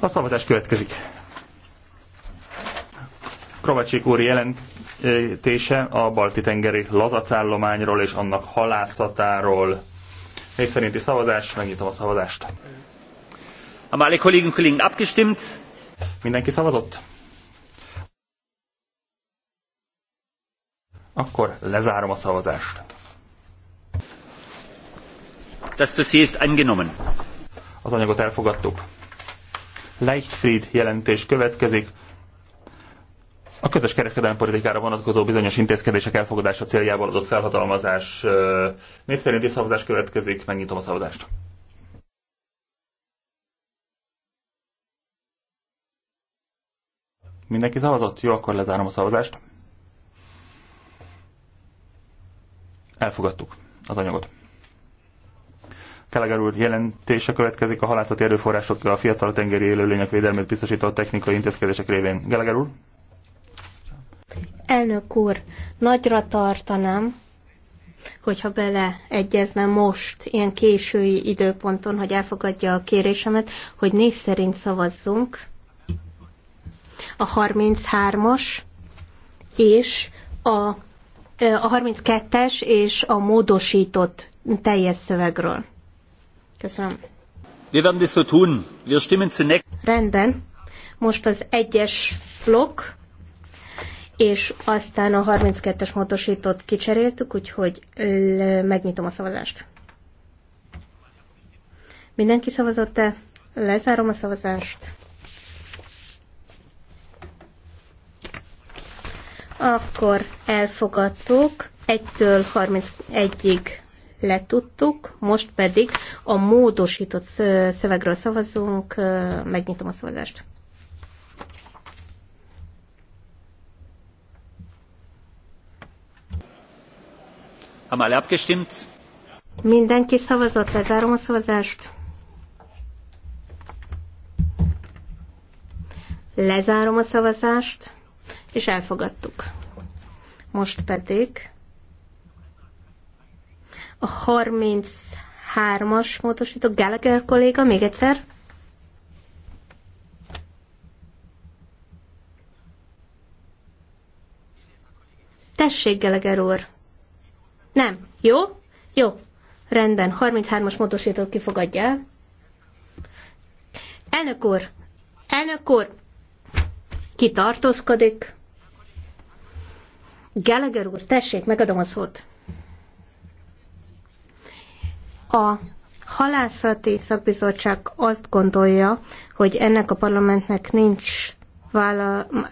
A szavazás következik. Kravacsik úr jelentése a Balti-tengeri lazacállományról és annak halászatáról. És szerinti szavazás, megnyitom a szavazást. A máli Kollegen Kollegen abgestimmt? Mindenki szavazott? Akkor lezárom a szavazást. Das Dossier ist angenommen. Az anyagot elfogadtuk. Leichtfried jelentés következik. A közös kereskedelmi politikára vonatkozó bizonyos intézkedések elfogadása céljából adott felhatalmazás név szerinti szavazás következik. Megnyitom a szavazást. Mindenki szavazott? Jó, akkor lezárom a szavazást. Elfogadtuk az anyagot. Kelegár úr jelentése következik a halászati erőforrások a fiatal tengeri élőlények védelmét biztosító technikai intézkedések révén. Kelegár úr? Elnök úr, nagyra tartanám, hogyha beleegyezne most, ilyen késői időponton, hogy elfogadja a kérésemet, hogy név szerint szavazzunk a 33-as és a, a 32-es és a módosított teljes szövegről. Köszönöm. Wir werden das so tun. Wir stimmen zunächst. Rendben. Most az egyes blokk, és aztán a 32-es módosítót kicseréltük, úgyhogy megnyitom a szavazást. Mindenki szavazott-e? Lezárom a szavazást. Akkor elfogadtuk 1-től 31-ig letudtuk, most pedig a módosított szövegről szavazunk, megnyitom a szavazást. Mindenki szavazott, lezárom a szavazást. Lezárom a szavazást, és elfogadtuk. Most pedig a 33-as módosító Gallagher kolléga, még egyszer. Tessék, Gallagher úr. Nem. Jó? Jó. Rendben, 33-as módosító kifogadja Elnök úr! Elnök úr! Ki tartózkodik? Gallagher úr, tessék, megadom a szót. A halászati szakbizottság azt gondolja, hogy ennek a parlamentnek nincs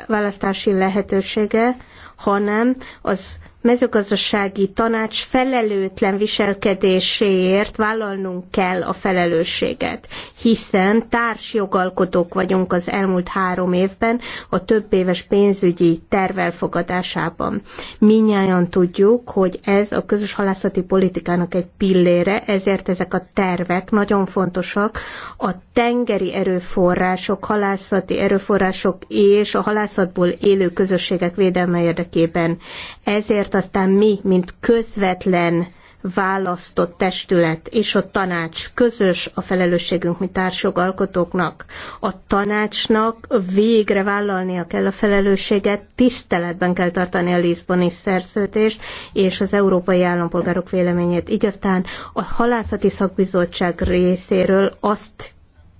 választási lehetősége, hanem az mezőgazdasági tanács felelőtlen viselkedéséért vállalnunk kell a felelősséget, hiszen társjogalkotók vagyunk az elmúlt három évben a több éves pénzügyi terv elfogadásában. Minnyáján tudjuk, hogy ez a közös halászati politikának egy pillére, ezért ezek a tervek nagyon fontosak. A tengeri erőforrások, halászati erőforrások és a halászatból élő közösségek védelme érdekében. Ezért aztán mi, mint közvetlen választott testület és a tanács közös a felelősségünk, mi alkotóknak, A tanácsnak végre vállalnia kell a felelősséget, tiszteletben kell tartani a Lisboni szerződést és az európai állampolgárok véleményét. Így aztán a halászati szakbizottság részéről azt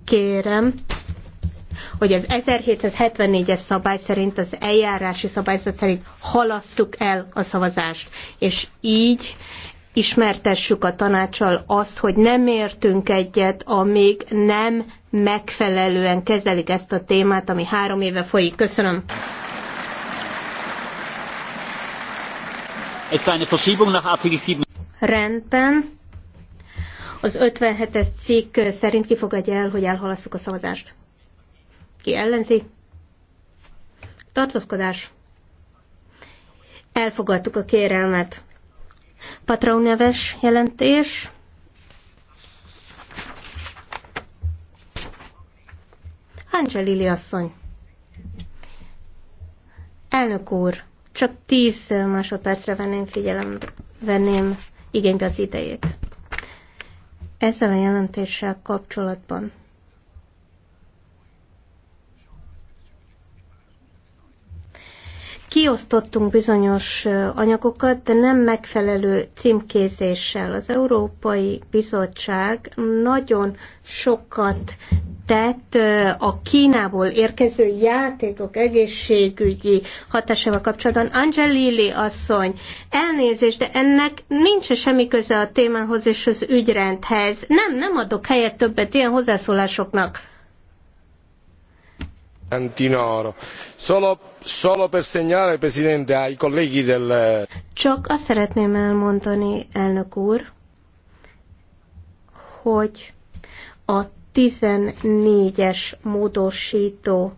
kérem, hogy az 1774-es szabály szerint, az eljárási szabályzat szerint halasszuk el a szavazást, és így ismertessük a tanácsal azt, hogy nem értünk egyet, amíg nem megfelelően kezelik ezt a témát, ami három éve folyik. Köszönöm. Rendben. Az 57-es cikk szerint kifogadja el, hogy elhalasszuk a szavazást. Ki ellenzi? Tartózkodás. Elfogadtuk a kérelmet. Patron neves jelentés. Lili asszony. Elnök úr, csak tíz másodpercre venném figyelem, venném igénybe az idejét. Ezzel a jelentéssel kapcsolatban kiosztottunk bizonyos anyagokat, de nem megfelelő címkézéssel. Az Európai Bizottság nagyon sokat tett a Kínából érkező játékok egészségügyi hatásával kapcsolatban. Lili asszony, elnézést, de ennek nincs semmi köze a témához és az ügyrendhez. Nem, nem adok helyet többet ilyen hozzászólásoknak. Csak azt szeretném elmondani, elnök úr, hogy a 14-es módosító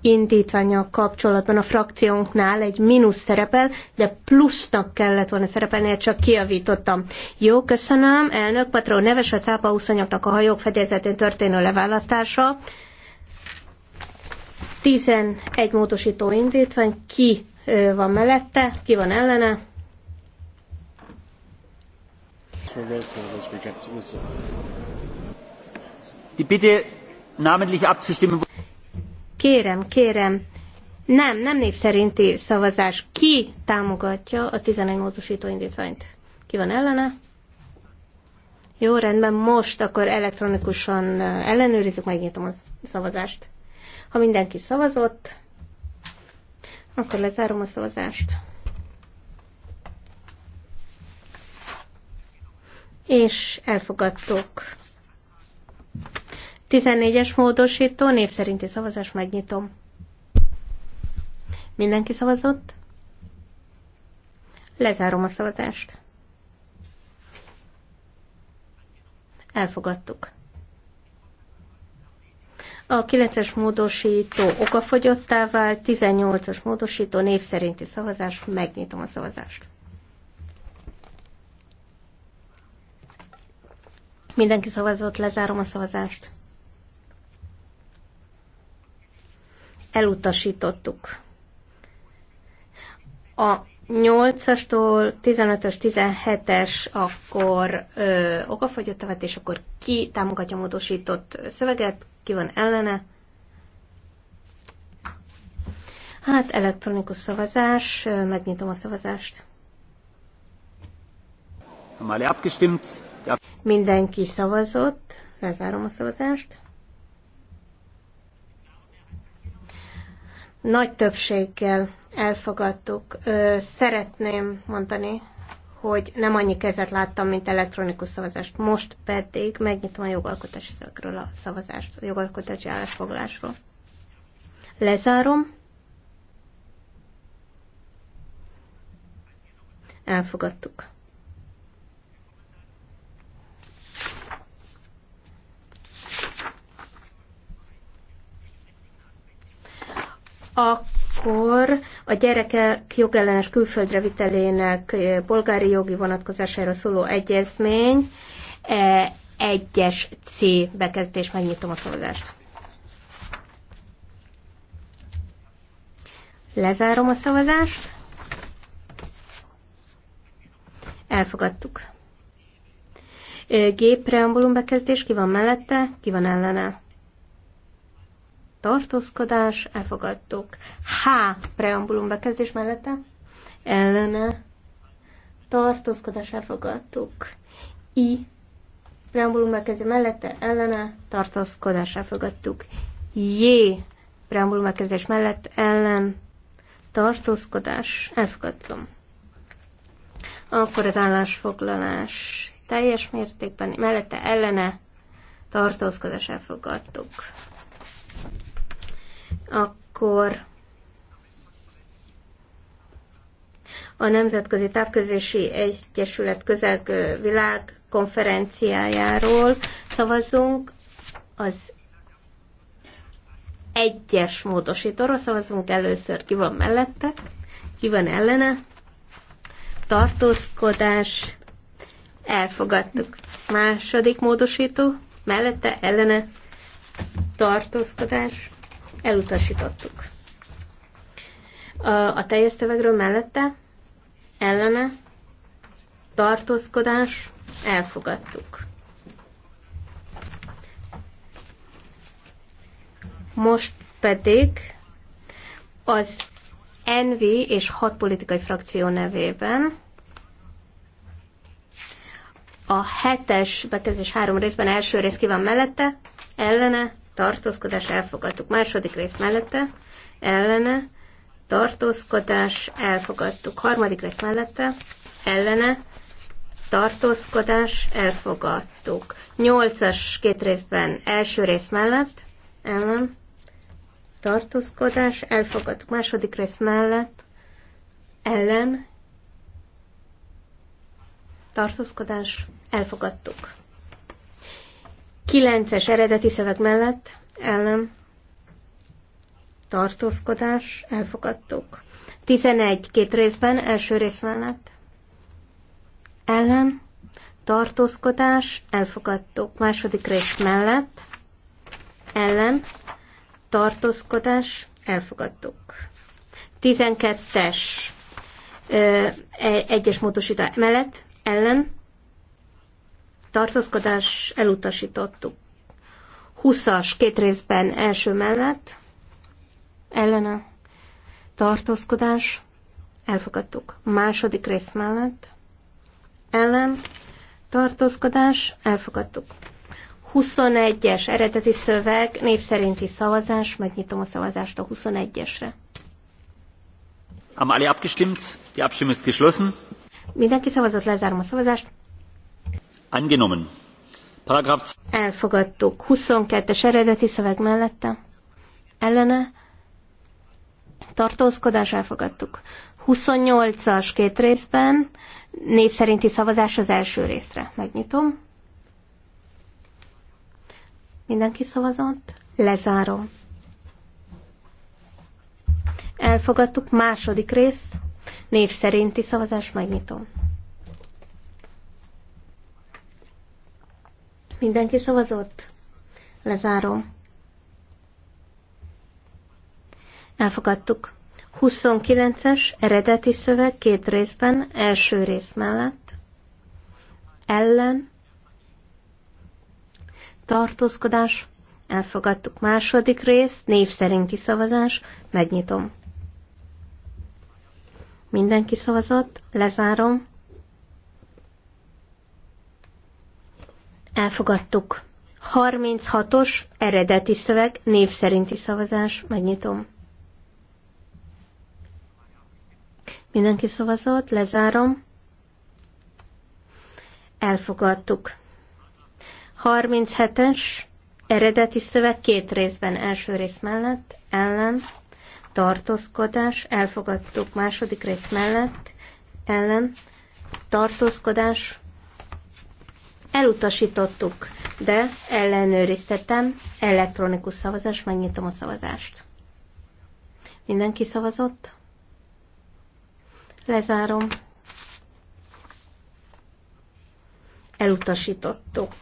indítványal kapcsolatban a frakciónknál egy mínusz szerepel, de plusznak kellett volna szerepelni, csak kiavítottam. Jó, köszönöm, elnök Patró, neves a cápa a hajók fedélzetén történő leválasztása. 11 módosító indítvány, ki van mellette, ki van ellene. Kérem, kérem, nem, nem név szerinti szavazás. Ki támogatja a 11 módosító indítványt? Ki van ellene? Jó, rendben, most akkor elektronikusan ellenőrizzük, megnyitom a szavazást. Ha mindenki szavazott, akkor lezárom a szavazást. És elfogadtuk. 14-es módosító, név szerinti szavazás megnyitom. Mindenki szavazott? Lezárom a szavazást. Elfogadtuk. A 9-es módosító okafogyottá vált, 18-as módosító név szerinti szavazás, megnyitom a szavazást. Mindenki szavazott, lezárom a szavazást. Elutasítottuk. A 8-astól 15-ös, 17-es, akkor ö, okafogyott és akkor ki támogatja módosított szöveget, ki van ellene. Hát elektronikus szavazás, megnyitom a szavazást. Mindenki szavazott, lezárom a szavazást. Nagy többséggel elfogadtuk. Szeretném mondani, hogy nem annyi kezet láttam, mint elektronikus szavazást. Most pedig megnyitom a jogalkotási szakról a szavazást, a jogalkotási állásfoglalásról. Lezárom. Elfogadtuk. A akkor a gyerekek jogellenes külföldre vitelének eh, polgári jogi vonatkozására szóló egyezmény eh, egyes C bekezdés, megnyitom a szavazást. Lezárom a szavazást. Elfogadtuk. Eh, G preambulum bekezdés, ki van mellette, ki van ellene tartózkodás, elfogadtuk. H. Preambulum bekezdés mellette, ellene, tartózkodás, elfogadtuk. I. Preambulum bekezdés mellette, ellene, tartózkodás, elfogadtuk. J. Preambulum bekezdés mellett, ellen, tartózkodás, elfogadtam. Akkor az állásfoglalás teljes mértékben, mellette ellene tartózkodás elfogadtuk akkor a Nemzetközi Távközési Egyesület világ konferenciájáról szavazunk, az egyes módosítóra szavazunk először, ki van mellette, ki van ellene, tartózkodás, elfogadtuk. Második módosító, mellette, ellene, tartózkodás, Elutasítottuk. A teljes szövegről mellette ellene tartózkodás elfogadtuk. Most pedig az NV és hat politikai frakció nevében a hetes bekezdés három részben első rész ki van mellette, ellene, tartózkodás elfogadtuk. Második rész mellette, ellene, tartózkodás elfogadtuk. Harmadik rész mellette, ellene, tartózkodás elfogadtuk. Nyolcas két részben első rész mellett, ellen, tartózkodás elfogadtuk. Második rész mellett, ellen, tartózkodás elfogadtuk kilences eredeti szöveg mellett ellen tartózkodás elfogadtuk. 11 két részben, első rész mellett ellen tartózkodás elfogadtuk. Második rész mellett ellen tartózkodás elfogadtuk. 12-es e- egyes módosítás mellett ellen tartózkodás elutasítottuk. 20-as két részben első mellett ellene tartózkodás elfogadtuk. Második rész mellett ellen tartózkodás elfogadtuk. 21-es eredeti szöveg, név szerinti szavazás, megnyitom a szavazást a 21-esre. Haben alle abgestimmt? Die Abstimmung ist geschlossen. Mindenki szavazott, lezárom a szavazást. Angenommen. Paragraf... Elfogadtuk. 22-es eredeti szöveg mellette. Ellene. Tartózkodás elfogadtuk. 28-as két részben. Név szerinti szavazás az első részre. Megnyitom. Mindenki szavazott? Lezárom. Elfogadtuk második rész Név szerinti szavazás megnyitom. Mindenki szavazott? Lezárom. Elfogadtuk. 29-es eredeti szöveg két részben, első rész mellett. Ellen. Tartózkodás. Elfogadtuk második rész, név szerinti szavazás. Megnyitom. Mindenki szavazott, lezárom. Elfogadtuk. 36-os eredeti szöveg, név szerinti szavazás, megnyitom. Mindenki szavazott, lezárom. Elfogadtuk. 37-es eredeti szöveg két részben, első rész mellett, ellen, tartózkodás, elfogadtuk második rész mellett, ellen, tartózkodás, Elutasítottuk, de ellenőriztettem, Elektronikus szavazás, megnyitom a szavazást. Mindenki szavazott? Lezárom. Elutasítottuk.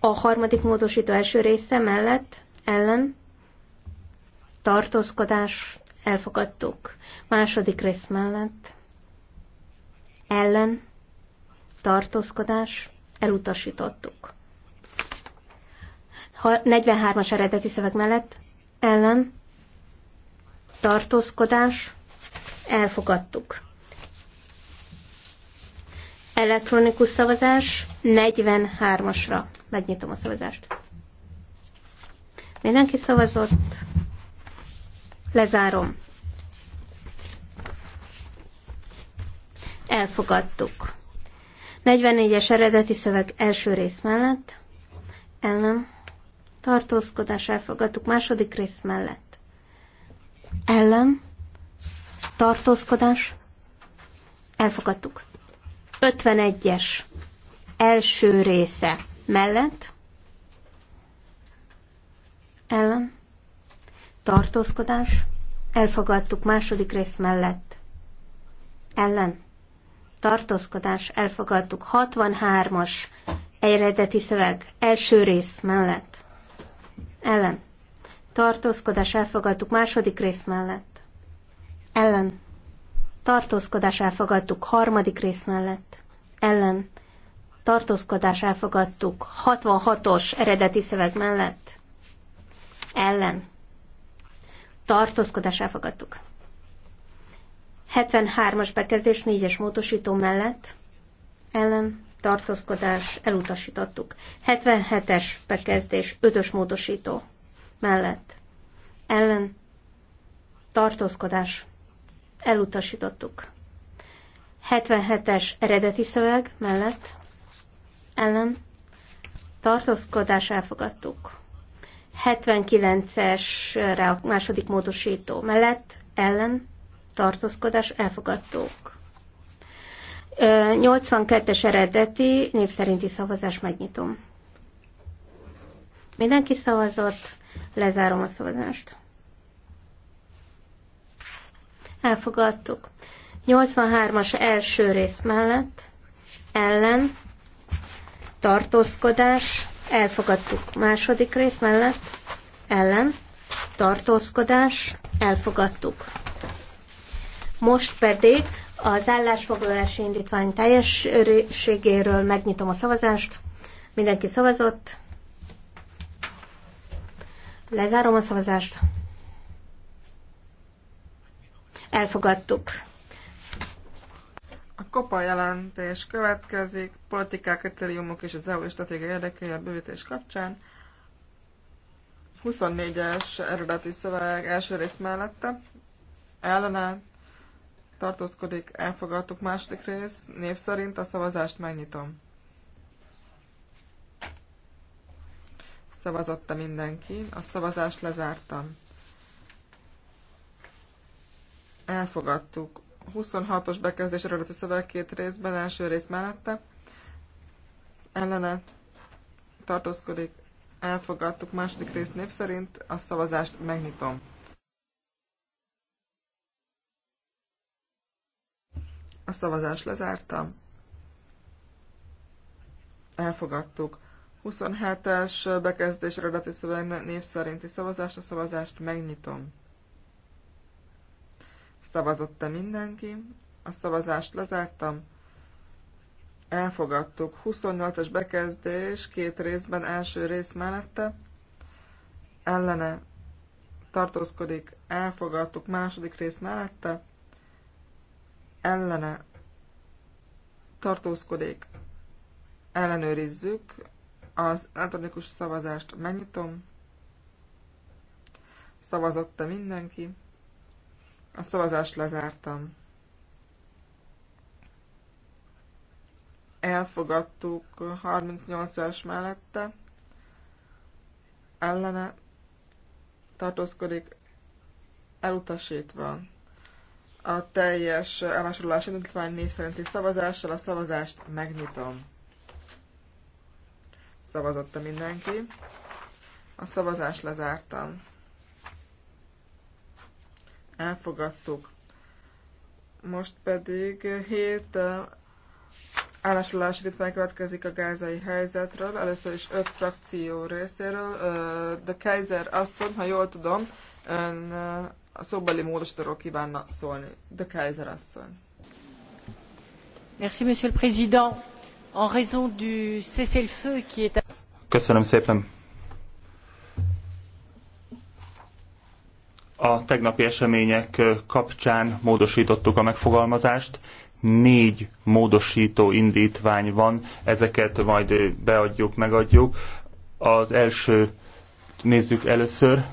A harmadik módosító első része mellett ellen tartózkodás elfogadtuk. Második rész mellett ellen tartózkodás, elutasítottuk. 43-as eredeti szöveg mellett ellen tartózkodás, elfogadtuk. Elektronikus szavazás 43-asra. Megnyitom a szavazást. Mindenki szavazott. Lezárom. Elfogadtuk. 44-es eredeti szöveg első rész mellett, ellen, tartózkodás elfogadtuk második rész mellett, ellen, tartózkodás, elfogadtuk. 51-es első része mellett, ellen, tartózkodás, elfogadtuk második rész mellett, ellen, tartózkodás elfogadtuk. 63-as eredeti szöveg első rész mellett. Ellen. Tartózkodás elfogadtuk második rész mellett. Ellen. Tartózkodás elfogadtuk harmadik rész mellett. Ellen. Tartózkodás elfogadtuk 66-os eredeti szöveg mellett. Ellen. Tartózkodás elfogadtuk. 73-as bekezdés 4-es módosító mellett ellen tartózkodás elutasítottuk. 77-es bekezdés 5-ös módosító mellett ellen tartózkodás elutasítottuk. 77-es eredeti szöveg mellett ellen tartózkodás elfogadtuk. 79-es második módosító mellett ellen tartózkodás elfogadtók. 82-es eredeti név szerinti szavazás megnyitom. Mindenki szavazott, lezárom a szavazást. Elfogadtuk. 83-as első rész mellett, ellen, tartózkodás, elfogadtuk. Második rész mellett, ellen, tartózkodás, elfogadtuk. Most pedig az állásfoglalási indítvány teljességéről megnyitom a szavazást. Mindenki szavazott. Lezárom a szavazást. Elfogadtuk. A kopa jelentés következik, politikák, kritériumok és az EU stratégia érdekei a bővítés kapcsán. 24-es eredeti szöveg első rész mellette, ellene tartózkodik, elfogadtuk. Második rész, név szerint a szavazást megnyitom. Szavazotta mindenki, a szavazást lezártam. Elfogadtuk. 26-os bekezdés eredeti szöveg két részben, első rész mellette. Ellene tartózkodik, elfogadtuk második rész név szerint, a szavazást megnyitom. A szavazás lezártam. Elfogadtuk. 27-es bekezdés eredeti szöveg név szerinti szavazást, a szavazást megnyitom. Szavazott-e mindenki? A szavazást lezártam. Elfogadtuk. 28-as bekezdés két részben, első rész mellette. Ellene tartózkodik. Elfogadtuk második rész mellette ellene tartózkodik, ellenőrizzük. Az elektronikus szavazást megnyitom. Szavazott-e mindenki? A szavazást lezártam. Elfogadtuk 38-as mellette. Ellene tartózkodik, elutasítva a teljes elmásolás indítvány név szerinti szavazással. A szavazást megnyitom. Szavazotta mindenki. A szavazást lezártam. Elfogadtuk. Most pedig hét eh, állásolás ritmány következik a gázai helyzetről. Először is öt frakció részéről. Eh, de Kaiser mondja, ha jól tudom, ön eh, a szobbeli módosítóról kívánna szólni. De Kaiser asszony. Merci, monsieur le président. En raison du cessez-le-feu qui est... Köszönöm szépen. A tegnapi események kapcsán módosítottuk a megfogalmazást. Négy módosító indítvány van, ezeket majd beadjuk, megadjuk. Az első nézzük először.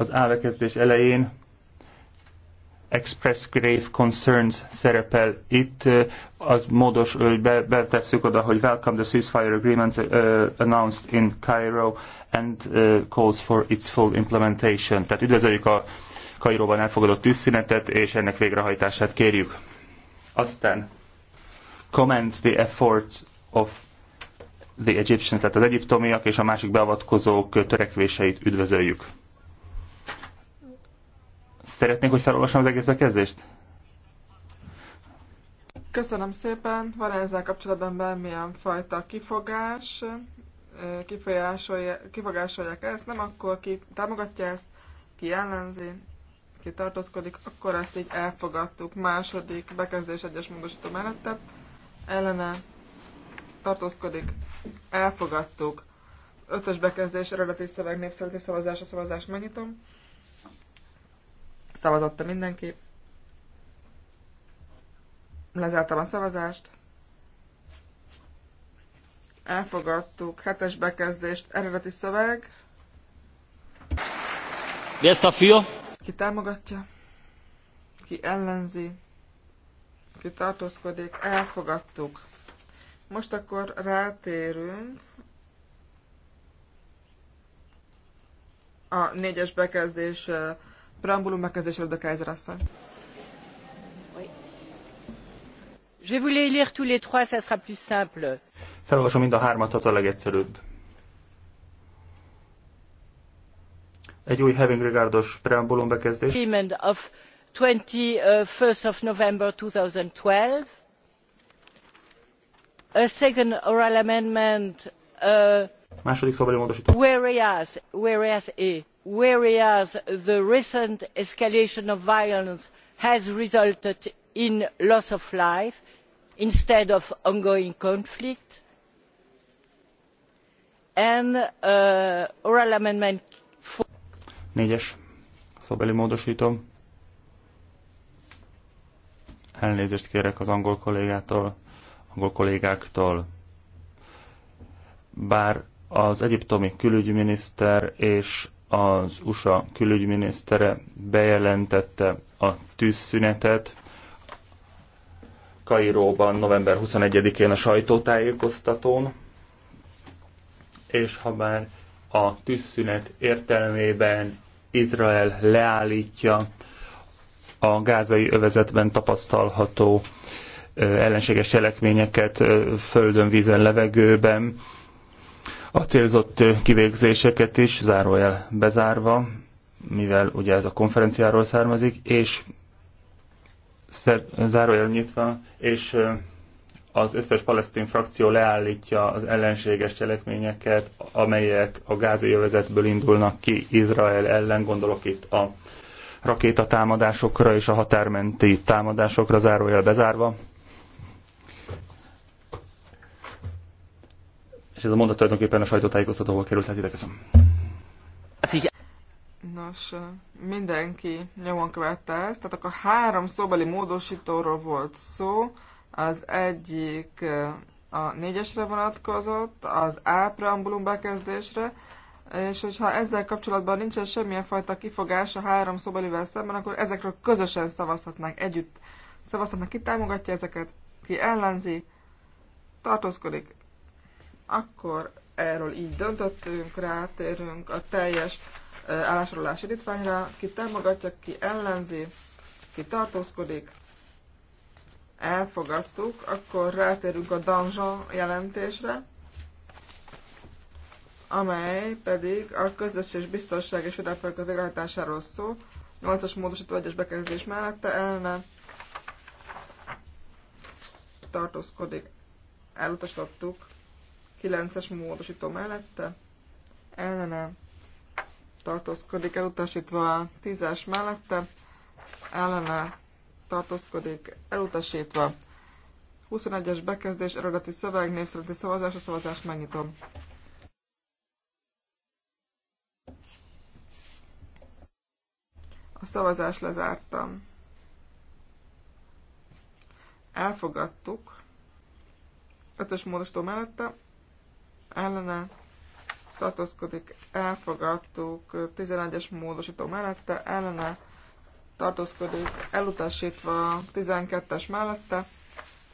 az ávekezdés elején express grave concerns szerepel itt, az módos, hogy be, betesszük oda, hogy welcome the ceasefire agreement uh, announced in Cairo and uh, calls for its full implementation. Tehát üdvözöljük a Kairóban elfogadott tűzszünetet, és ennek végrehajtását kérjük. Aztán comments the efforts of the Egyptians, tehát az egyiptomiak és a másik beavatkozók törekvéseit üdvözöljük. Szeretnék, hogy felolvassam az egész bekezdést? Köszönöm szépen. Van -e ezzel kapcsolatban bármilyen fajta kifogás? Kifolyásolják, kifogásolják ezt? Nem akkor ki támogatja ezt? Ki ellenzi? Ki tartózkodik? Akkor ezt így elfogadtuk. Második bekezdés egyes módosító mellette. Ellene tartózkodik. Elfogadtuk. Ötös bekezdés eredeti szöveg népszerűti szavazás. A szavazást megnyitom. Szavazotta mindenki. Lezártam a szavazást. Elfogadtuk. Hetes bekezdést. Eredeti szöveg. Mi ezt a fia? Ki támogatja? Ki ellenzi? Ki tartózkodik? Elfogadtuk. Most akkor rátérünk a négyes bekezdés Preambulum megkezdésre de Kaiser asszony. Je vais vous les lire tous les trois, ça sera plus simple. Felolvasom mind a hármat, az a legegyszerűbb. Egy új having regardos preambulum bekezdés. Agreement of 21st of November 2012. A second oral amendment. Uh, Második szabályi módosító. Whereas, whereas a whereas the recent escalation of violence has resulted in loss of life instead of ongoing conflict and uh, oral amendment négyes szóbeli módosító. Elnézést kérek az angol kollégától, angol kollégáktól. Bár az egyiptomi külügyminiszter és az USA külügyminisztere bejelentette a tűzszünetet Kairóban november 21-én a sajtótájékoztatón, és ha már a tűzszünet értelmében Izrael leállítja a gázai övezetben tapasztalható ellenséges cselekményeket földön, vízen, levegőben, a célzott kivégzéseket is zárójel bezárva, mivel ugye ez a konferenciáról származik, és zárójel nyitva, és az összes palesztin frakció leállítja az ellenséges cselekményeket, amelyek a gázai övezetből indulnak ki Izrael ellen, gondolok itt a rakétatámadásokra és a határmenti támadásokra zárójel bezárva. És ez a mondat tulajdonképpen a sajtótájékoztatóval került, tehát ide köszönöm. Nos, mindenki nyomon követte ezt, tehát akkor három szóbeli módosítóról volt szó, az egyik a négyesre vonatkozott, az A preambulum bekezdésre, és hogyha ezzel kapcsolatban nincsen semmilyen fajta kifogás a három szobelivel szemben, akkor ezekről közösen szavazhatnánk együtt. Szavazhatnak, ki támogatja ezeket, ki ellenzi, tartózkodik, akkor erről így döntöttünk, rátérünk a teljes állásolás indítványra, ki támogatja, ki ellenzi, ki tartózkodik, elfogadtuk, akkor rátérünk a Danjean jelentésre, amely pedig a közös és biztonság és üdepelkök végrehajtásáról szó, 8-as módosító egyes bekezdés mellette elne, tartózkodik. Elutasítottuk 9-es módosító mellette, ellene tartózkodik elutasítva a 10-es mellette, ellene tartózkodik elutasítva. 21-es bekezdés, eredeti szöveg, név szerinti szavazás, a szavazást megnyitom. A szavazást lezártam. Elfogadtuk. Ötös módosító mellette, ellene tartózkodik, elfogadtuk 11-es módosító mellette, ellene tartózkodik, elutasítva 12-es mellette,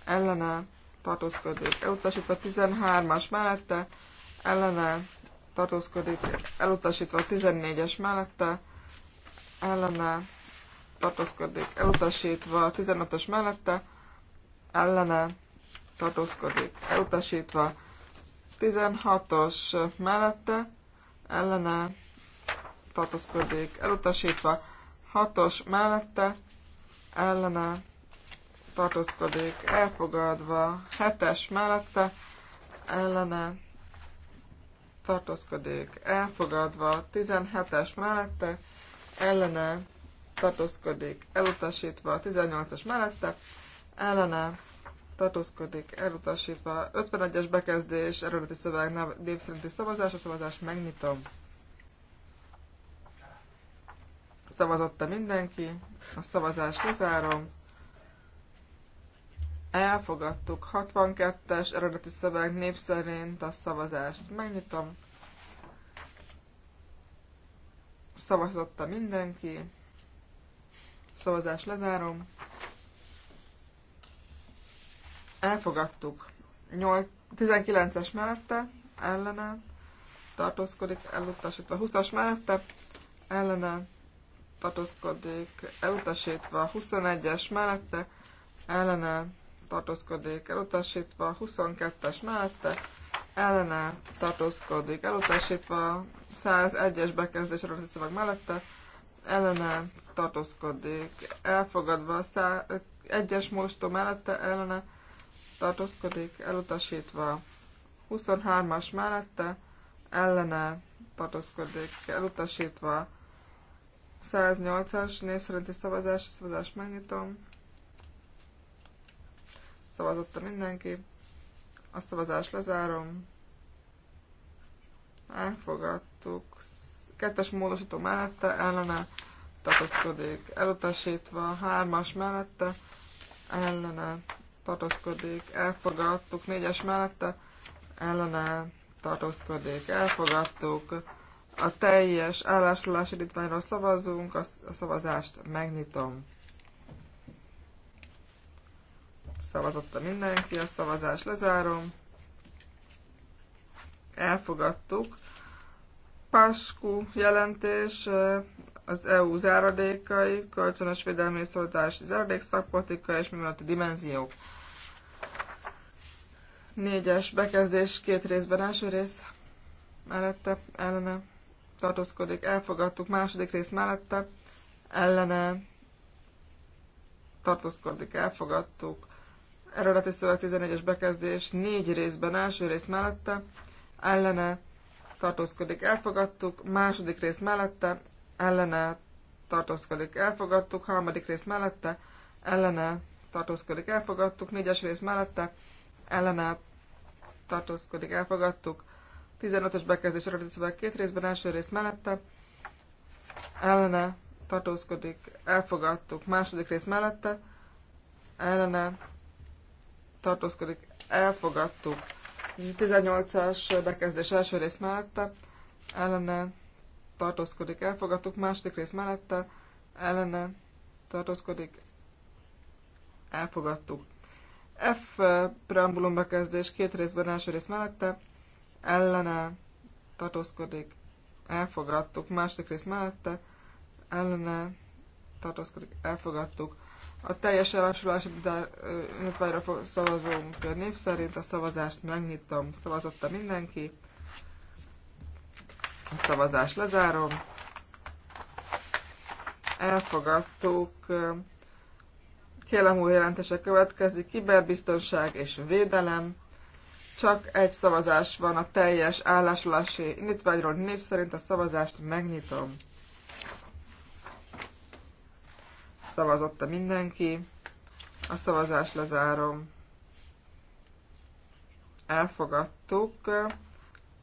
ellene tartózkodik, elutasítva 13-as mellette, ellene tartózkodik, elutasítva 14-es mellette, ellene tartózkodik, elutasítva 15-ös mellette, ellene tartózkodik, elutasítva 16-os mellette ellene tartózkodik elutasítva, 6-os mellette ellene tartózkodik elfogadva, 7-es mellette ellene tartózkodik elfogadva, 17-es mellette ellene tartózkodik elutasítva, 18-as mellette ellene tartózkodik, elutasítva. 51-es bekezdés, eredeti szöveg, név szerinti szavazás, a szavazást megnyitom. Szavazotta mindenki, a szavazást lezárom. Elfogadtuk 62-es eredeti szöveg név szerint a szavazást. Megnyitom. Szavazotta mindenki. Szavazást lezárom. Elfogadtuk. 8, 19-es mellette, ellene, tartózkodik, elutasítva. 20-as mellette, ellene, tartózkodik, elutasítva. 21-es mellette, ellene, tartózkodik, elutasítva. 22-es mellette, ellene, tartózkodik, elutasítva. 101-es bekezdés eredeti szöveg mellette, ellene tartózkodik, elfogadva 101-es egyes mellette ellene tartózkodik, elutasítva. 23-as mellette ellene tartózkodik, elutasítva. 108-as név szerinti szavazás, szavazást megnyitom. Szavazotta mindenki. A szavazást lezárom. Elfogadtuk. Kettes módosító mellette ellene tartózkodik, elutasítva. Hármas mellette ellene tartózkodik, elfogadtuk, négyes mellette ellene tartózkodik, elfogadtuk. A teljes állásolás indítványról szavazunk, a szavazást megnyitom. Szavazotta mindenki, a szavazás lezárom. Elfogadtuk. Pasku jelentés az EU záradékai, kölcsönös védelmi és szolidaritási záradék, szakpolitika és műveleti dimenziók. Négyes bekezdés két részben, első rész mellette, ellene tartózkodik, elfogadtuk, második rész mellette, ellene tartózkodik, elfogadtuk. Eredeti szöveg 11-es bekezdés négy részben, első rész mellette, ellene tartózkodik, elfogadtuk, második rész mellette, ellene tartózkodik, elfogadtuk, harmadik rész mellette, ellene tartózkodik, elfogadtuk, négyes rész mellette, ellene tartózkodik, elfogadtuk, 15-ös bekezdés eredeti szöveg két részben, első rész mellette, ellene tartózkodik, elfogadtuk, második rész mellette, ellene tartózkodik, elfogadtuk, 18-as bekezdés első rész mellette, ellene tartózkodik, elfogadtuk. Második rész mellette, ellene tartózkodik, elfogadtuk. F preambulum bekezdés két részben első rész mellette, ellene tartózkodik, elfogadtuk. Második rész mellette, ellene tartózkodik, elfogadtuk. A teljes elásulás indítványra szavazunk név szerint, a szavazást megnyitom, szavazotta mindenki. A szavazást lezárom. Elfogadtuk. Kélem új jelentése következik. Kiberbiztonság és védelem. Csak egy szavazás van a teljes állásolási indítványról. Név szerint a szavazást megnyitom. Szavazotta mindenki. A szavazást lezárom. Elfogadtuk.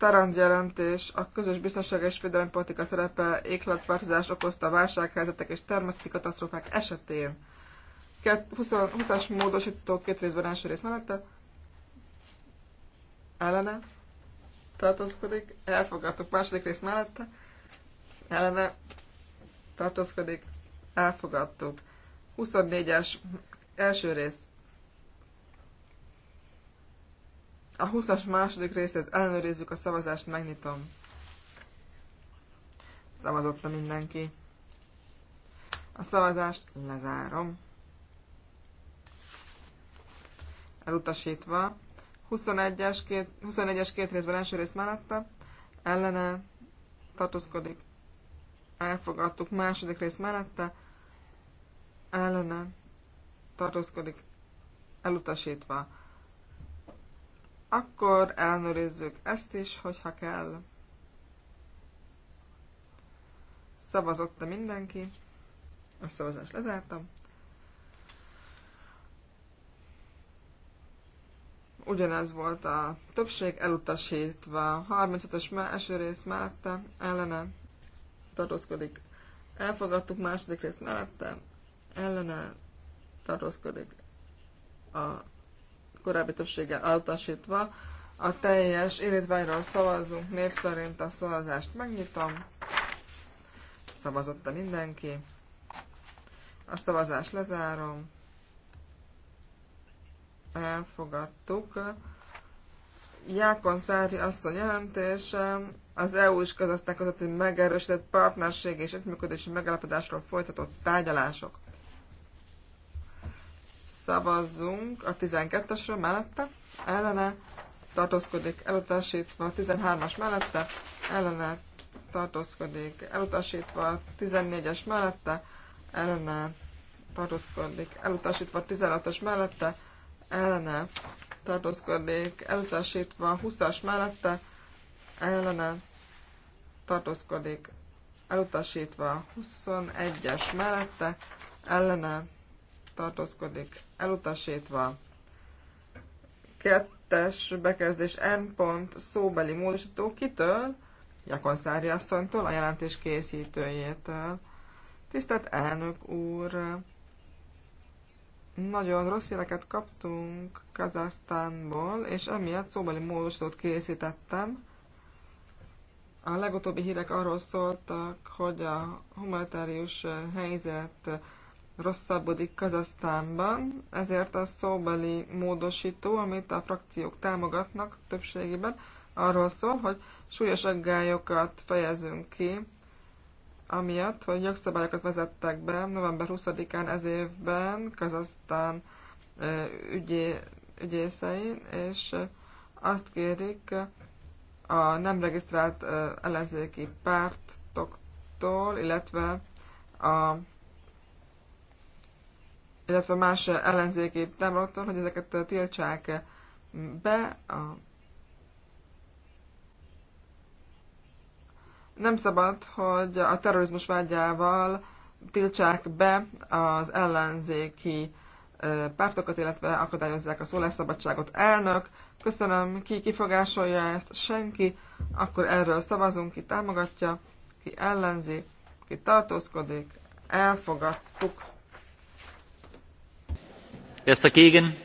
Tarand jelentés, a közös biztonság és védelmi politika szerepe éghajlatváltozás okozta válsághelyzetek és természeti katasztrófák esetén. 20-as módosító két részben első rész mellette. Ellene. Tartózkodik. Elfogadtuk. Második rész mellette. Ellene. Tartózkodik. Elfogadtuk. 24-es első rész A 20-as második részét ellenőrizzük, a szavazást megnyitom. Szavazott mindenki. A szavazást lezárom. Elutasítva. 21-es két, 21 két részben első rész mellette. Ellene tartózkodik. Elfogadtuk második rész mellette. Ellene tartózkodik. Elutasítva. Akkor elnőrizzük ezt is, hogyha kell. Szavazott-e mindenki? A szavazást lezártam. Ugyanez volt a többség elutasítva. 35-ös első rész mellette ellene tartózkodik. Elfogadtuk második rész mellette ellene tartózkodik. A korábbi többséggel elutasítva. A teljes indítványról szavazunk, név szerint a szavazást megnyitom. Szavazotta mindenki. A szavazást lezárom. Elfogadtuk. Jákon Szári asszony jelentése, az EU és Kazasztán közötti megerősített partnerség és együttműködési megállapodásról folytatott tárgyalások szavazzunk a 12-esről mellette, ellene tartózkodik elutasítva, 13-as mellette, ellene tartózkodik elutasítva, 14-es mellette, ellene tartózkodik elutasítva, 16-os mellette, ellene tartózkodik elutasítva, 20-as mellette, ellene tartózkodik elutasítva, 21-es mellette, ellene tartózkodik, elutasítva. Kettes bekezdés N pont szóbeli módosító kitől? Szári asszonytól, a jelentés készítőjétől. Tisztelt elnök úr! Nagyon rossz híreket kaptunk Kazasztánból, és emiatt szóbeli módosítót készítettem. A legutóbbi hírek arról szóltak, hogy a humanitárius helyzet rosszabbodik Kazasztánban, ezért a szóbeli módosító, amit a frakciók támogatnak többségében, arról szól, hogy súlyos aggályokat fejezünk ki, amiatt, hogy jogszabályokat vezettek be november 20-án ez évben Kazasztán ügyé, ügyészein, és azt kérik a nem regisztrált ellenzéki pártoktól, illetve a illetve más ellenzéki támogatóktól, hogy ezeket eh, tiltsák be. A... Nem szabad, hogy a terrorizmus vágyával tiltsák be az ellenzéki eh, pártokat, illetve akadályozzák a szólásszabadságot. Elnök, köszönöm, ki kifogásolja ezt, senki, akkor erről szavazunk, ki támogatja, ki ellenzi, ki tartózkodik, elfogadtuk. Wer ist dagegen?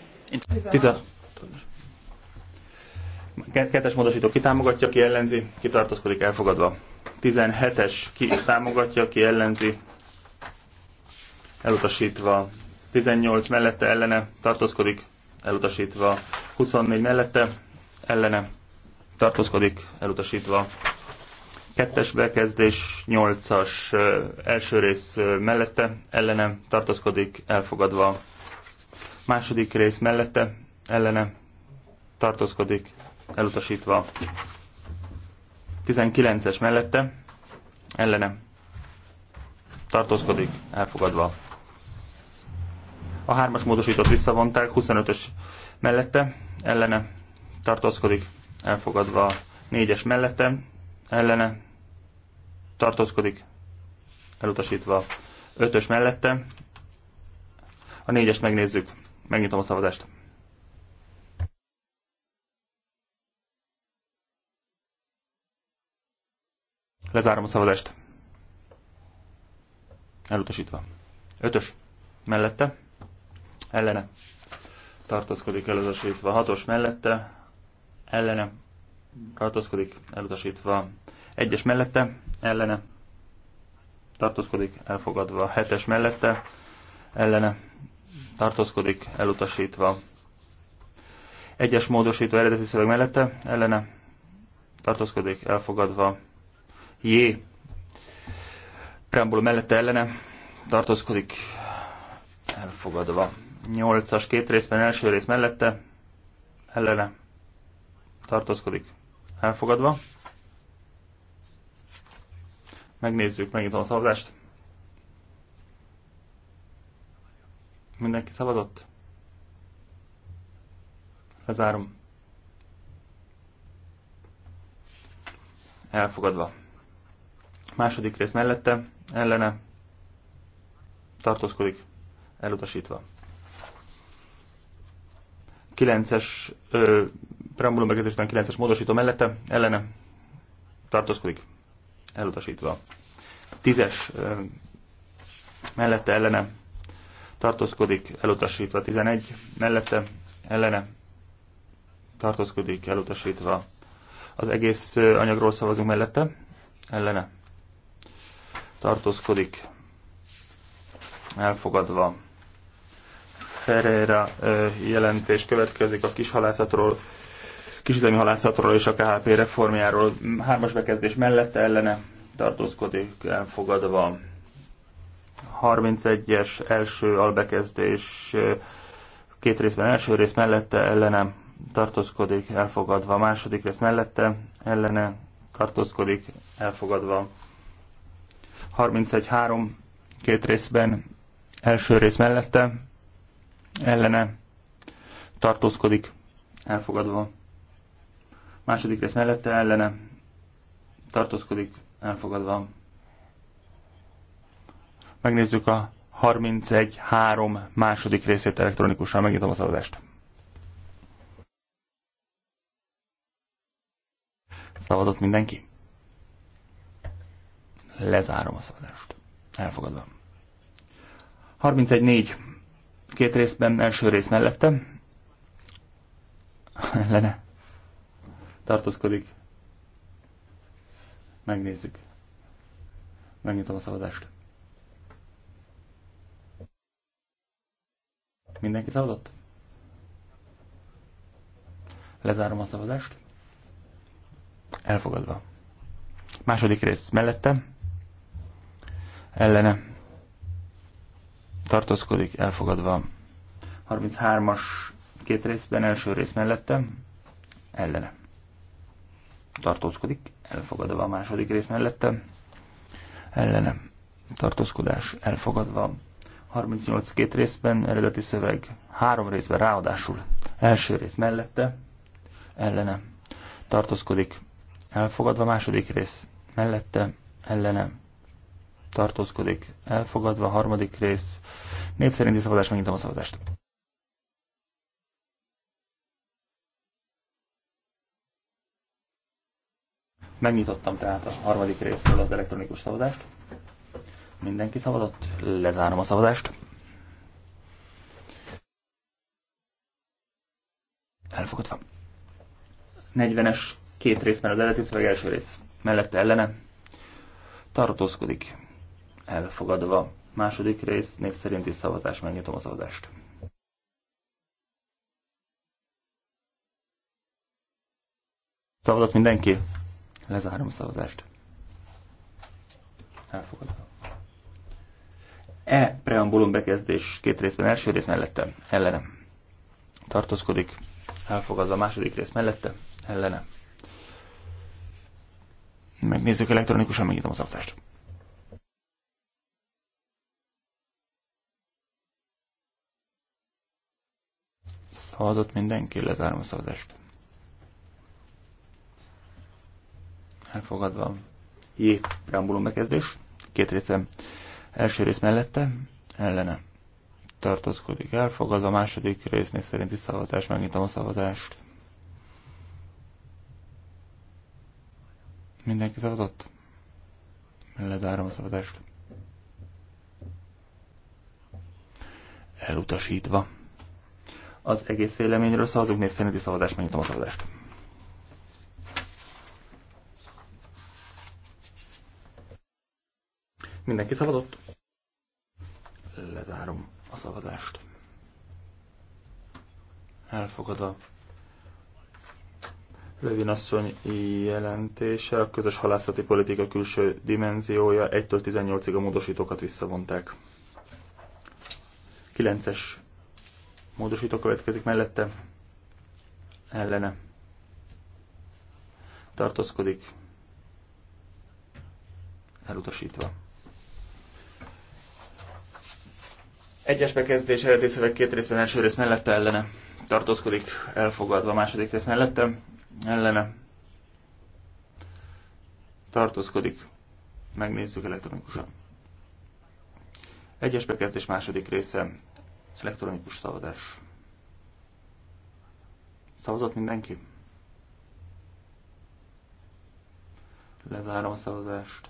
Kettes módosító kitámogatja, ki ellenzi, kitartozkodik elfogadva. 17-es ki támogatja, ki ellenzi, elutasítva. 18 mellette ellene tartózkodik, elutasítva. 24 mellette ellene tartózkodik, elutasítva. Kettes bekezdés, 8-as első rész mellette ellene tartózkodik, elfogadva Második rész mellette ellene tartózkodik, elutasítva. 19-es mellette ellene tartózkodik, elfogadva. A hármas módosított visszavonták, 25-ös mellette ellene tartózkodik, elfogadva. 4-es mellette ellene tartózkodik, elutasítva. 5-ös mellette a 4 megnézzük Megnyitom a szavazást. Lezárom a szavazást. Elutasítva. Ötös. Mellette. Ellene. Tartozkodik elutasítva. Hatos mellette. Ellene. Tartozkodik elutasítva. Egyes mellette. Ellene. Tartozkodik elfogadva. Hetes mellette. Ellene tartózkodik, elutasítva. Egyes módosító eredeti szöveg mellette, ellene, tartózkodik, elfogadva. J. Preambul mellette, ellene, tartózkodik, elfogadva. nyolcas két részben első rész mellette, ellene, tartózkodik, elfogadva. Megnézzük, megint a szavazást. Mindenki szavazott? Lezárom. Elfogadva. Második rész mellette, ellene, tartózkodik, elutasítva. 9-es preambulum bekezdés után 9-es módosító mellette, ellene, tartózkodik, elutasítva. 10-es mellette, ellene, tartózkodik, elutasítva 11, mellette ellene tartózkodik, elutasítva. Az egész anyagról szavazunk mellette, ellene tartózkodik, elfogadva. Ferreira jelentés következik a kis halászatról kisüzemi halászatról és a KHP reformjáról. Hármas bekezdés mellette ellene tartózkodik, elfogadva. 31-es első albekezdés két részben első rész mellette ellene tartózkodik, elfogadva. A második rész mellette ellene tartózkodik, elfogadva. 31-3 két részben első rész mellette ellene tartózkodik, elfogadva. Második rész mellette ellene tartózkodik, elfogadva megnézzük a 31.3 második részét elektronikusan. Megnyitom a szavazást. Szavazott mindenki? Lezárom a szavazást. Elfogadva. 31.4. Két részben, első rész mellette. Lene. Tartózkodik. Megnézzük. Megnyitom a szavazást. Mindenki szavazott? Lezárom a szavazást. Elfogadva. Második rész mellette. Ellene. Tartózkodik, elfogadva. 33-as két részben, első rész mellette. Ellene. Tartózkodik, elfogadva a második rész mellette. Ellene. Tartózkodás, elfogadva 38 két részben, eredeti szöveg három részben ráadásul. Első rész mellette, ellene. Tartózkodik. Elfogadva második rész mellette, ellene. Tartózkodik. Elfogadva harmadik rész. Név szerinti szavazás, megnyitom a szavazást. Megnyitottam tehát a harmadik részről az elektronikus szavazást. Mindenki szavazott? Lezárom a szavazást. Elfogadva. 40-es két részben az eredeti szöveg első rész. Mellette ellene. Tartózkodik. Elfogadva. Második rész név szerinti szavazás. Megnyitom a szavazást. Szavazott mindenki? Lezárom a szavazást. Elfogadva. E preambulum bekezdés két részben, első rész mellette, ellene. Tartózkodik, elfogadva a második rész mellette, ellene. Megnézzük elektronikusan, megnyitom a szavazást. Szavazott mindenki, lezárom a szavazást. Elfogadva. J. Preambulum bekezdés. Két részben Első rész mellette, ellene tartózkodik elfogadva, második résznek szerinti szavazás, megnyitom a szavazást. Mindenki szavazott? Lezárom a szavazást. Elutasítva. Az egész véleményről szavazunk, név szerinti szavazást, megnyitom a szavazást. Mindenki szavazott? Lezárom a szavazást. a Lövin asszony jelentése, a közös halászati politika külső dimenziója 1-től 18-ig a módosítókat visszavonták. 9-es módosító következik mellette, ellene tartózkodik, elutasítva. Egyes bekezdés eredeti szöveg két részben első rész mellette ellene tartózkodik, elfogadva a második rész mellette ellene tartózkodik, megnézzük elektronikusan. Egyes bekezdés második része elektronikus szavazás. Szavazott mindenki? Lezárom a szavazást.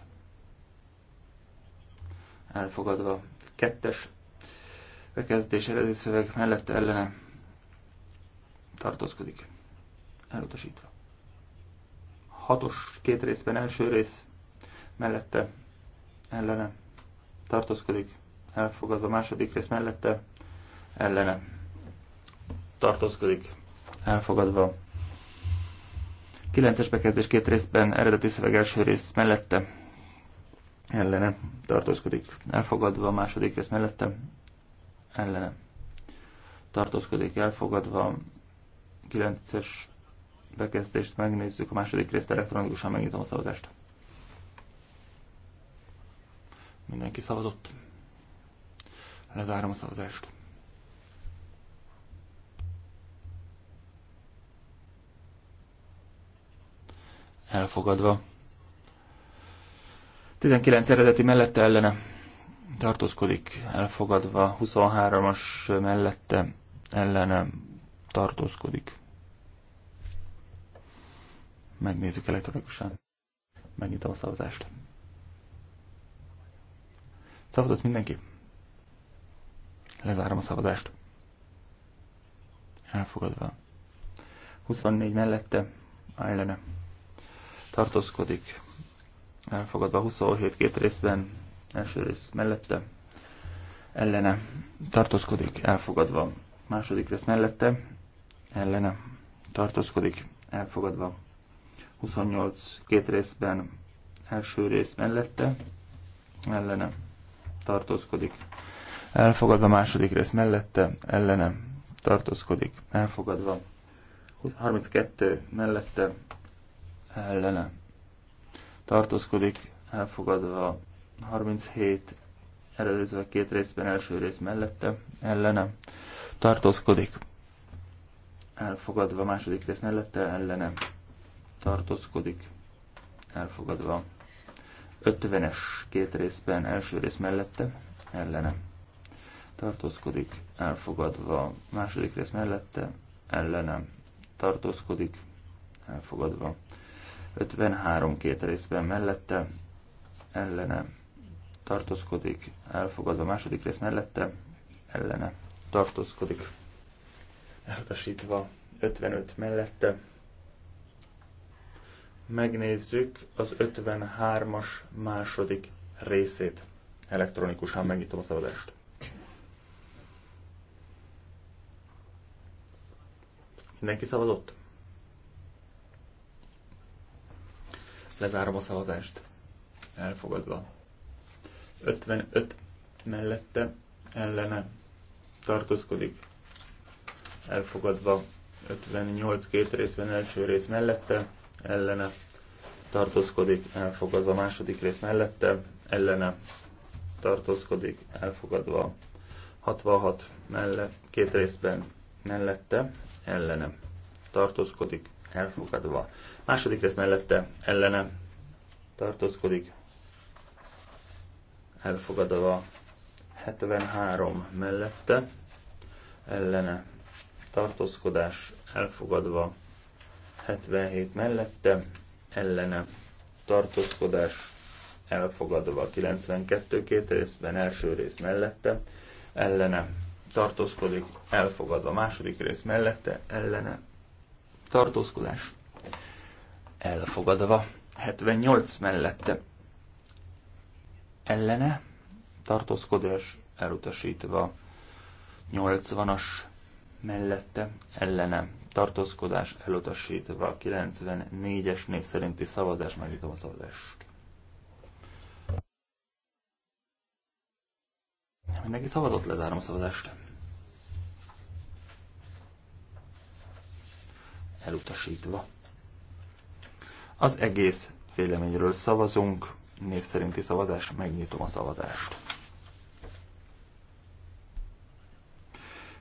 Elfogadva. Kettes bekezdés eredeti szöveg mellette ellene tartózkodik. Elutasítva. Hatos két részben első rész mellette ellene tartózkodik. Elfogadva második rész mellette ellene tartózkodik. Elfogadva. Kilences bekezdés két részben eredeti szöveg első rész mellette ellene tartózkodik. Elfogadva a második rész mellette ellene tartózkodik elfogadva. 9-es bekezdést megnézzük, a második részt elektronikusan megnyitom a szavazást. Mindenki szavazott. Lezárom a szavazást. Elfogadva. 19 eredeti mellette ellene tartózkodik elfogadva, 23-as mellette ellene tartózkodik. Megnézzük elektronikusan. Megnyitom a szavazást. Szavazott mindenki? Lezárom a szavazást. Elfogadva. 24 mellette ellene tartózkodik. Elfogadva 27 két részben Első rész mellette ellene tartózkodik, elfogadva. Második rész mellette ellene tartózkodik, elfogadva. 28 két részben első rész mellette ellene tartózkodik, elfogadva. Második rész mellette ellene tartózkodik, elfogadva. 32 mellette ellene tartózkodik, elfogadva 37 előző két részben, első rész mellette, ellene, tartózkodik. Elfogadva második rész mellette, ellene, tartózkodik. Elfogadva. 50-es két részben, első rész mellette, ellene, tartózkodik. Elfogadva második rész mellette, ellene, tartózkodik. Elfogadva. 53 két részben mellette, ellene, tartózkodik, elfogadva. Második rész mellette, ellene tartózkodik, elutasítva. 55 mellette. Megnézzük az 53-as második részét. Elektronikusan megnyitom a szavazást. Mindenki szavazott? Lezárom a szavazást. Elfogadva. 55 mellette ellene tartózkodik, elfogadva 58 két részben első rész mellette ellene tartózkodik, elfogadva második rész mellette ellene tartózkodik, elfogadva 66 mellett, két részben mellette ellene tartózkodik, elfogadva második rész mellette ellene tartózkodik, elfogadva 73 mellette, ellene tartózkodás elfogadva 77 mellette, ellene tartózkodás elfogadva 92 két részben, első rész mellette, ellene tartózkodik, elfogadva második rész mellette, ellene tartózkodás elfogadva 78 mellette, ellene tartózkodás elutasítva. 80-as mellette ellene tartózkodás elutasítva. 94-es név szerinti szavazás, megnyitom a szavazást. Mindenki szavazott, lezárom a szavazást. Elutasítva. Az egész véleményről szavazunk név szerinti szavazás, megnyitom a szavazást.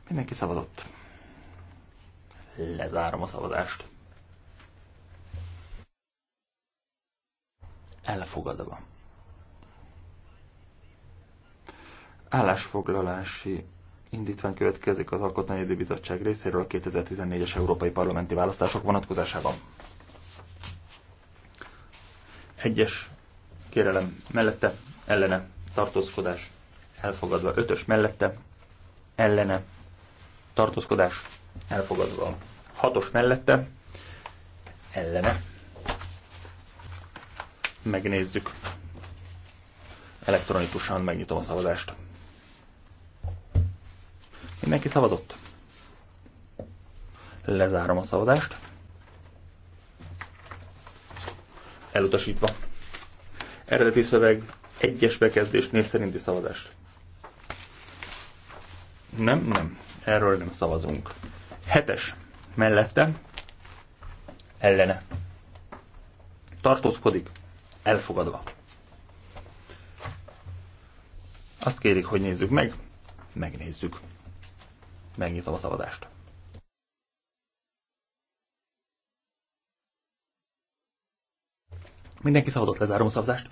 Mindenki szavazott. Lezárom a szavazást. Elfogadva. Állásfoglalási indítvány következik az alkotmányi Bizottság részéről a 2014-es európai parlamenti választások vonatkozásában. Egyes kérelem mellette, ellene, tartózkodás elfogadva. Ötös mellette, ellene, tartózkodás elfogadva. Hatos mellette, ellene. Megnézzük. Elektronikusan megnyitom a szavazást. Mindenki szavazott? Lezárom a szavazást. Elutasítva. Eredeti szöveg egyes bekezdés név szerinti szavazás. Nem, nem. Erről nem szavazunk. Hetes mellette ellene. Tartózkodik, elfogadva. Azt kérik, hogy nézzük meg, megnézzük. Megnyitom a szavazást. Mindenki szavazott, lezárom a szavazást.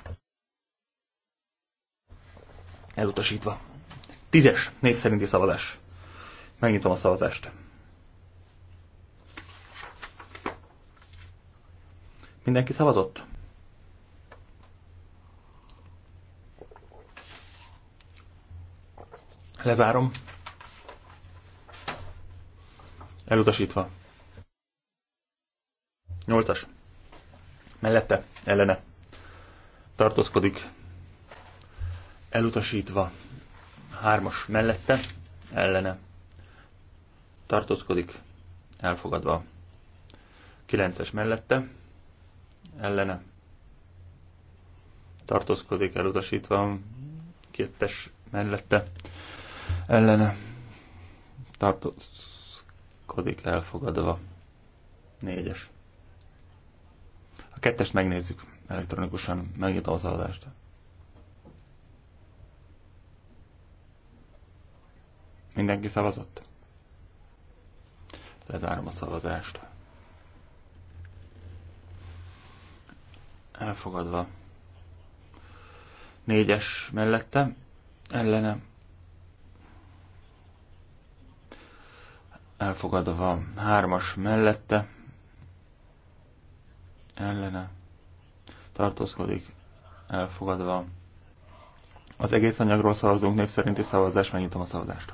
Elutasítva. Tízes név szerinti szavazás. Megnyitom a szavazást. Mindenki szavazott? Lezárom. Elutasítva. Nyolcas. Mellette ellene tartózkodik, elutasítva hármas mellette, ellene tartózkodik, elfogadva kilences mellette, ellene tartózkodik, elutasítva kettes mellette, ellene tartózkodik, elfogadva négyes kettest megnézzük elektronikusan, megint az adást. Mindenki szavazott? Lezárom a szavazást. Elfogadva. Négyes mellette, ellene. Elfogadva. Hármas mellette, ellene tartózkodik, elfogadva. Az egész anyagról szavazunk név szerinti szavazás, megnyitom a szavazást.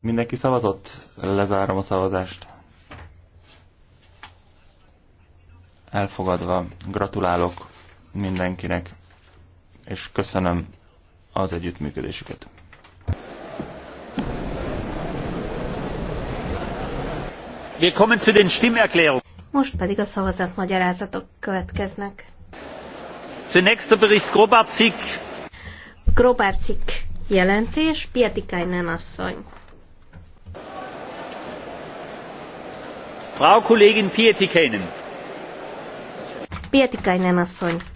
Mindenki szavazott? Lezárom a szavazást. Elfogadva. Gratulálok mindenkinek, és köszönöm az együttműködésüket. Wir kommen zu den Stimmerklärungen. Most pedig a szavazatmagyarázatok következnek. Zunächst a Bericht Grobarczyk. Grobarczyk jelentés, Pietikainen asszony. Frau Kollegin Pietikainen. Pietikainen asszony.